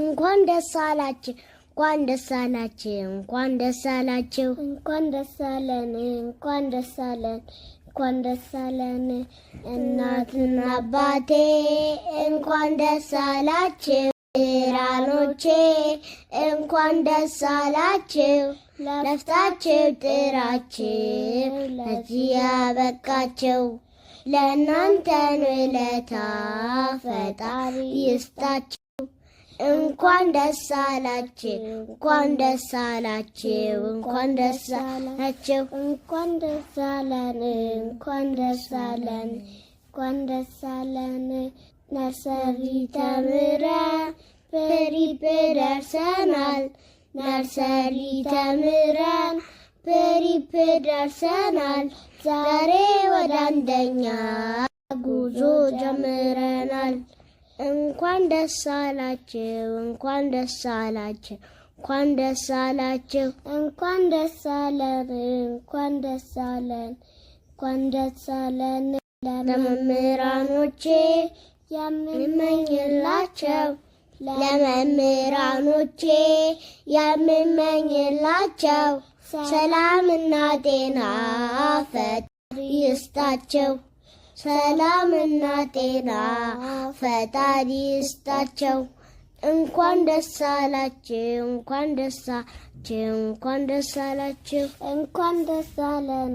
እንኳን ደስ አላችሁ እንኳን ደስ አላችሁ እንኳን ደስ አላችሁ እንኳን ደስ አለን እንኳን ደስ አለን እንኳን ደስ አለን እናትና አባቴ እንኳን ደስ አላችሁ ራኖቼ እንኳን ደስ አላችሁ ለፍታችሁ ጥራችሁ ለዚህ ያበቃችሁ ለእናንተን ውለታ ፈጣሪ ይስጣችሁ። እንኳን ደስ አላችሁ እንኳን ደስ አላችሁ እንኳን ደስ አላችሁ እንኳን ደስ አለን እንኳን ደስ አለን እንኳን ደስ አለን ነርሰሪ ተምረን ፕሪፕ ደርሰናል ነርሰሪ ተምረን ፕሪፕ ደርሰናል ዛሬ ወደ አንደኛ ጉዞ ጀምር እንኳን ደስ አላችሁ፣ እንኳን ደስ አላችሁ፣ እንኳን ደስ አላችሁ፣ እንኳን ደስ አለን፣ እንኳን ደስ አለን፣ እንኳን ደስ አለን። ለመምህራኖቼ የምመኝላቸው ለመምህራኖቼ የምመኝላቸው ሰላምና ጤና ፈጣሪ ይስጣቸው። ሰላምና ጤና ፈጣሪ ይስጣቸው። እንኳን ደስ አላችሁ፣ እንኳን ደስ አላችሁ፣ እንኳን ደስ አላችሁ፣ እንኳን ደስ አለን።